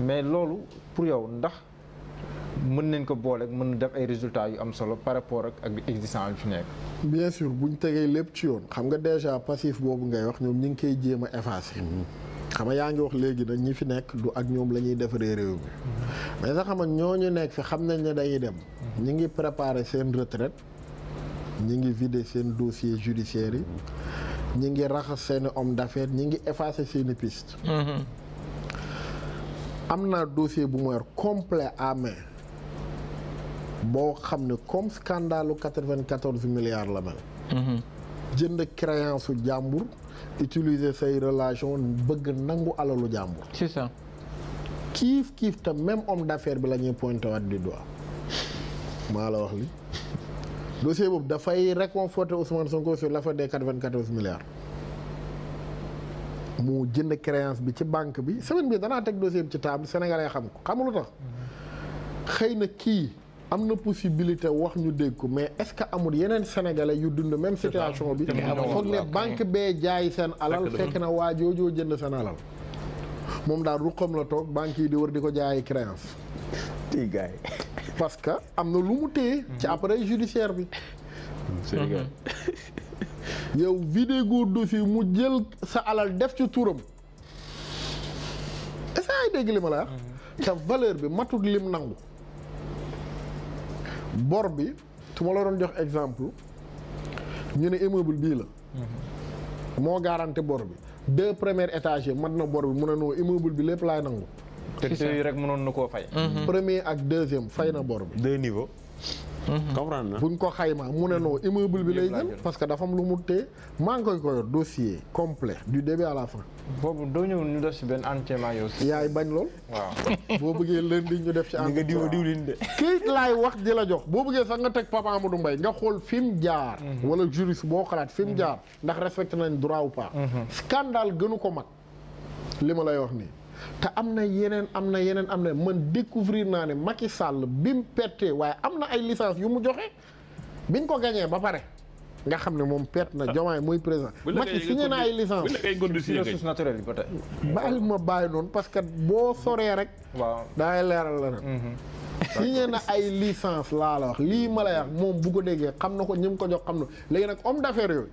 mais loolu pour yow ndax mën nañ ko boole mën na def ay résultats yu am solo par rapport ak ak existant fi nekk. bien sûr bu ñu tegee lépp ci yoon xam nga déjà passif boobu ngay wax ñoom ñu ngi koy jéem a xam nga yaa ngi wax léegi nag ñi fi nekk du ak ñoom la ñuy defaree réew mi mais sax xam ñoo ñu nekk fi xam nañ ne dañuy dem. ñi ngi préparer seen retraite ñi ngi vider seen dossier judiciaire yi ñi ngi raxas seen i homme d'affaires ñi ngi effacer seen i amna dossier bu complet à main boo xam comme scandale 94 milliards la mel. Mhm. jeund créance jambour utiliser say relations bëgg nangu alalu jambour c'est ça. Kif, qui te même homme d'affaires bi la pointe pointé wat du doigt le la wax li dossier da fay réconforter Ousmane Sonko sur l'affaire des 94 milliards. mu jënd créance bi ci banque bi semaine bi danaa teg dossier bi ci table sénégalais xam ko xam lu tax xëy na kii am na possibilité wax ñu dégg ko mais est-ce que amul yeneen sénégalais yu dund même situation bi foog ne banque bee jaay seen alal fekk na waa joojoo jënd seen alal moom daal ruqam la toog banque yi di wër di ko jaayi créance tii gaay que am na lu mu téye ci mhm. appareil judiciaire bi yow Vidégour du fi mu jël sa alal def ci turam est-ce ay dégg li la wax te mhm. valeur bi matut lim nangu bor bi su ma la doon jox exemple ñu ne immeuble bii la mhm. moo garanti bor bi deux premiers étages yi mat na bor bi mu ne noo immeuble bi lépp laay nangu te yi rek mënoon na koo fay mhm. premier ak deuxième fay na bor bi deux Mm-hmm. comprendre na buñ ko xaymaa mu ne non immeuble bi lay jël parce que dafa am lu maa ngi koy koyor dossier complet du début à la boobu doo ñëw ñu def si benn entièrement yow si. yaay bañ lool. waaw boo bëggee lundi ñu def ci. entièrement nga diw diwlin de. laay wax di la jox boo bëggee sax nga teg papa Amadou Mbaye nga xool fi mu jaar. Mm-hmm. wala juriste boo xalaat fi mu mm-hmm. jaar. ndax respecté nañ droit ou pas. scandale gënu ko mag li ma lay wax nii. te am na yeneen am na yeneen am na man découvrir naa ne Macky sàll bi mu perte waaye am na ay licence yu mu joxe biñ ko gañee ba pare nga xam ne moom perte na ah. Diomaye muy président Macky signé na ay licence ressources naturelles yi bàyyi ma bàyyi noonu parce que boo soree rek waaw daay leeral la nag mhm. signé na ay licence laa la wax lii ma lay wax moom bu ko déggee xam na ko ñi mu ko jox xam na léegi nag homme d'affaires yooyu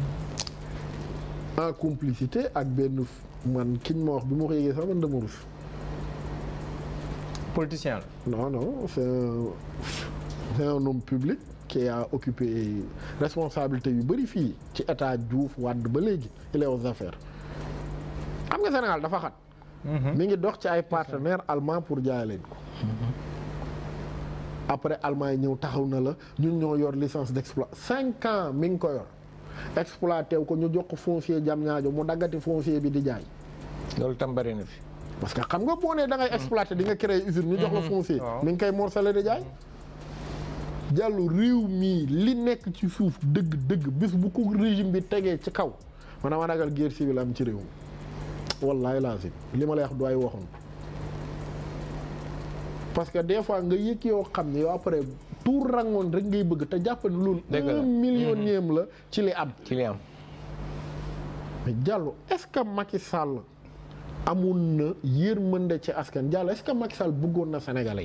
en complicité avec benn man qui ma wax bi ma ko yëgee man politicien non non c'est un c'est un homme public qui a occupé responsabilité yu bëri fi ci état Diouf Wade ba légui il est aux affaires xam nga Sénégal dafa xat. Mhm. mi ngi dox ci ay partenaires allemands pour jaay ko. Mhm. après allemand ñeu taxaw na la ñun ñoo yor licence d'exploit cinq ans mi ngi ko yor. exploité ko ñu jox ko foncier jam ñaajo mu daggati foncier bi di jaay. loolu tam bari na fi. parce que xam nga boo nee da ngay exploité di nga créer usine. ñu jox la mm-hmm. foncier mi ngi koy morcelé di jaay. jàllu réew mii li nekk ci suuf dëgg dëgg bis bu ko régime bi tegee ci kaw man ma ragal guerre civile am ci réew mi wallaay lazim li ma lay wax du ay waxoon parce que des fois nga yëg yoo xam ne yow après. tuur rangoon rek ngay bëgg te jàpp ne loolu. un millionième la ci li am. ci li am. mais Diallo est-ce que Macky Sall na yërmande ci askan Diallo est-ce que Macky Sall bëggoon na Sénégalais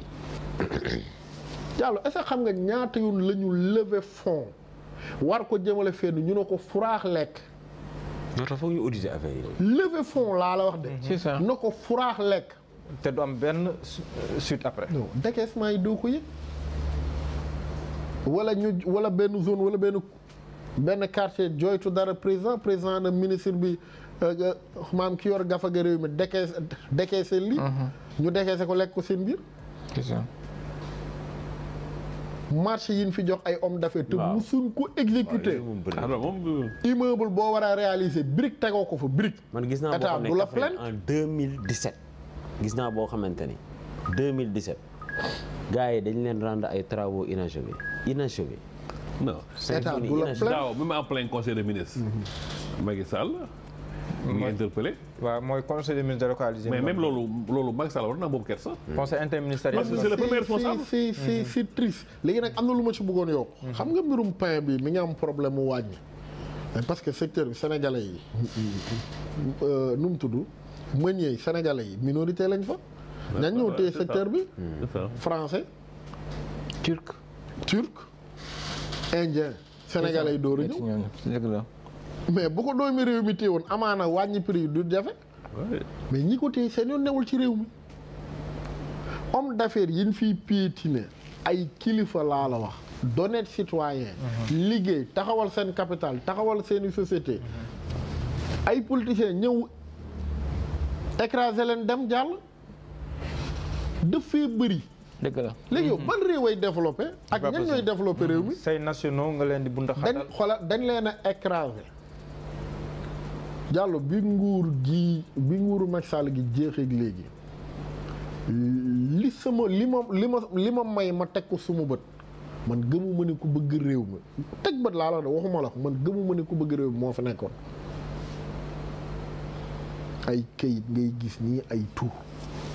yi. Diallo est-ce que xam nga ñaata yoon la ñu lever war ko jëmale fenn ñu ne ko furaax lekk. non foog ñu auditer laa la wax de. Mhm. c'est ko furaax lekk. te du am benn suite après. non décaissement doo ko yëg. wala ñu wala benn zone wala benn benn quartier jooytu dara président président na ministre bi euh, euh, maam ki yor gafaga réew mi dekees dekeese lii mhm. ñu dekeese ko lekk ko seen biir marché yi ñu fi jox ay homme d'affaires te musuñ ko exécuté ah, immeuble boo waraa réaliser brique tegoo ko fa brique man gis naa état du la plainte en 2017 gis naa boo xamante ni 2017 gars yi dañ leen rendre ay travaux inachevés inachevé. non état du la daaw bi ma en plein conseil des ministres. Mm-hmm. Macky Sall. mu ngi interpellé. waaw mooy conseil des ministres délocalisé. mais même loolu loolu Macky Sall war na boobu kersa. Mm-hmm. conseil interministériel parce que c'est le premier responsable. Mm-hmm. nag am na lu ma ci bëggoon yokk. xam nga mbirum pain bi mi ngi am problème mu wàññi. parce que secteur bi sénégalais yi euh, nu mu tudd meunier yi sénégalais yi minorité lañ fa. ñañ ñëw téye secteur bi. Mm. français turc. turc indien sénégalais yi dooru ñëw mais bu ko doomi réew mi téye woon amaana wàññi prix du jafe mais ñi ko téye seen yoon newul ci réew mi homme d'affaires yi ñu fiy piétiner ay kilifa laa la wax d'honnêtes citoyens mhm. liggéey taxawal seen capital taxawal seeni société mhm. ay politiciens ñëw écraser leen dem jàll dafay bëri dëgg la léegi yow mhm. réeway réew développé. ak ñan ñooy développé réew mi. Mhm. say nationaux nga leen di bundaxatal dañ xoola dañ leen a écrasé. jàllo bi nguur gi bi nguuru Macky Sall gi jeexeeg léegi li sama li ma li ma li ma may ma teg ko suma bët man gëmuma ma ni ku bëgg réew mi teg bët laa la wax waxuma la man gëmu ma ni ku bëgg réew mi moo fi nekkoon. ay kayit ngay gis nii ay tuur.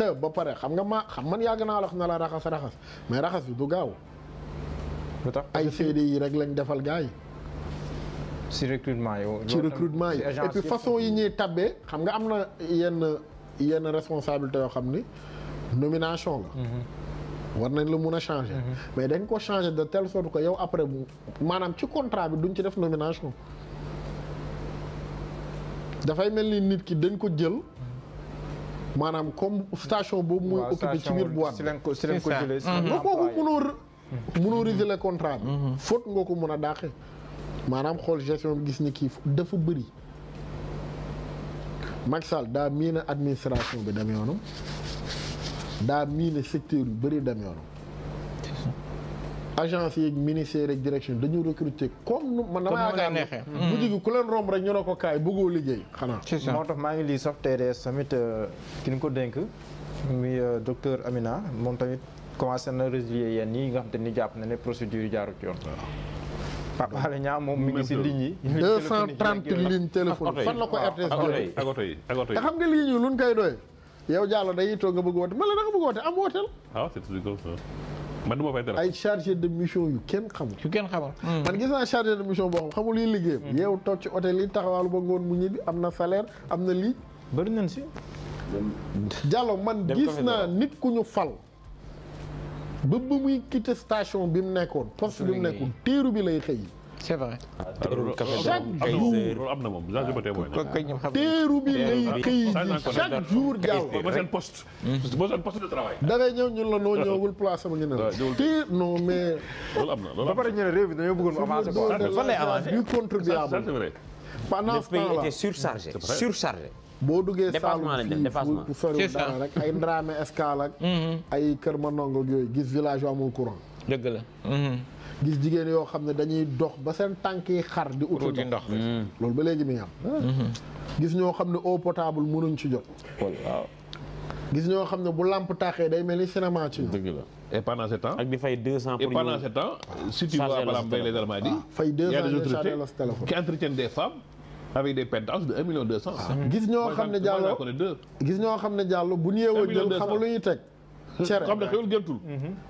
te ba pare xam nga ma xam man yàgg naa wax na la raxas raxas mais raxas bi du gaaw. lu tax ay CD yi rek lañ defal gars yi. ci recrutement yi. ci recrutement yi et puis façon yi ñuy tabbee xam nga am na yenn yenn responsabilité yoo xam ni nomination la. Mhm. war nañ la mun a changer. Mhm. mais dañ ko changer de telle sorte ko yow après bu maanaam ci contrat bi duñ ci def nomination. dafay mel ni nit ki dañ ko jël. maanaam comme station boobu muy occupé ci biir boîte si leen ko si leen ko jëlee mhm. mhm. mhm. nga kooku mënoo mënoo résilier contrat ko mën a dàqe maanaam xool gestion bi gis ni kii dafa bëri Macky daa mii miin administration bi dem yoonam daa miin secteur yu bëri dem yoonam agence yeeg ministère yeeg direction dañu recruter comme nu man dama yaakaar ne bu jigi ku leen romb rek ñu ne ko kaay bëggoo liggéey xanaa moo tax maa ngi lii sax TDS tamit euh, ki ñu ko dénk muy euh, docteur Amina moom tamit commencé na résilier yenn nii nga xam te ni jàpp na ne procédure yi jaarut yoon Pape Alé Niang moom mu ngi si ligne yi. 230 lignes téléphone fan la ko RTS jëlee ak oto te xam nga lii ñu luñ koy doyee yow Diallo day toog nga bëgg woote ma la da nga bëgg woote am wooteel. Ah, man du ma fay téléphone ay chargé de mission yu kenn xamul. yu kenn xamul. Hmm. man gis naa chargé de mission boo xam xamul liy liggéeyam. Hmm. yeewu toog ci hôtel yi taxawaalu ba ngoon mu ñibbi am na salaire am na lii. bëri si. Diallo man gis naa nit ku ñu fal. ba ba muy quitté station bi mu nekkoon. poste bi mu nekkoon téeru bi lay xëy. c'est vrai. chaque jour am na moom Jean Jobaté mooy. teeru bi ngay é ji chaque jour jaaw. ba seen poste. ba seen poste de travail. da ngay ñëw ñun la noo ñëwagul place am ñu ne la. teel non mais. loolu am na loolu am na ba pare ñu ne réew mi dañoo bëggoon mu avancer quoi. fan lay avancer du contribuable. é vrai pendant ce temps là le pays était surchargé surchargé. boo duggee Saalum fii fu soriwul dara rek ay Ndramé Escale ak. gis jigéen yoo xam ne dañuy dox ba seen tànk yi xar di uti ndox mm. loolu ba léegi mi ngi am gis ñoo xam ne eau potable mënuñ ci jot waaw gis ñoo xam ne bu làmp taaxee day mel ni cinéma ci ñoom. dëgg la et fay 200 pour ñu. et pendant ce temps. si tu vois par exemple les Allemands di. Ah, fay 200 ñu chargé la gis ñoo xam ne jàllo gis ñoo xam ne jàllo bu ñu yeewoo jël xam lu ñuy teg. cere comme ne xewul gëntul. Mm-hmm.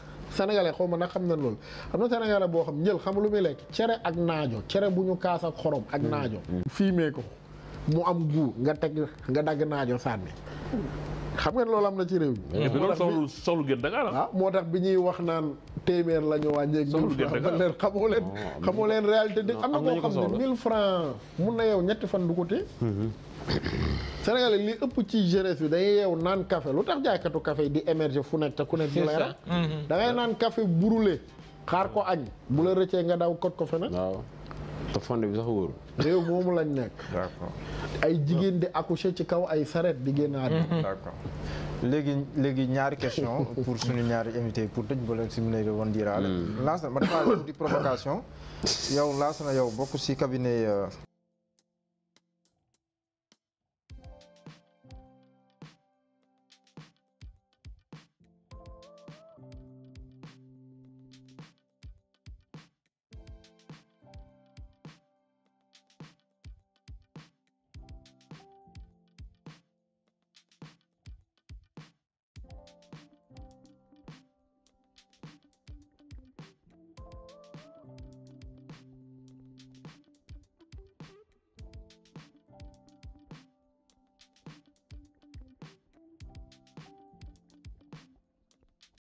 sénégalais xaw ma nag xam ne loolu am na sénégalais boo xam njël xam lu muy lekk cere ak naajo cere bu ñu kaas ak xorom ak naajo fiimee ko mu am guu nga teg nga dagg naajo sànni xam ngeen loolu am na ci réew mi solu gën ah, moo tax bi ñuy wax naan téeméer la ñu wàññeeg mille xam leen xamoo leen leen réalité dëgg am na koo xam ne mille francs mun na yow ñetti fan du ko te Sénégalais li ëpp ci jeunesse bi dañuy yeew naan café lu tax kafe café di émerger fu nekk te ku nekk ñu lay rek mhm. da ngay naan café brûlé xaar ko añ bu la rëccee nga daw kot ko feneen te fonde bi sax wóorul réew moomu lañ nekk ay jigéen di accoucher ci kaw ay saret di génn àddina mhm. d'accord léegi ñaari question pour suñu ñaari invité pour tëj ba leen si mun a wan diiraale hmm. laas na ma dafa di provocation yow laas na yow bokk si cabinet euh,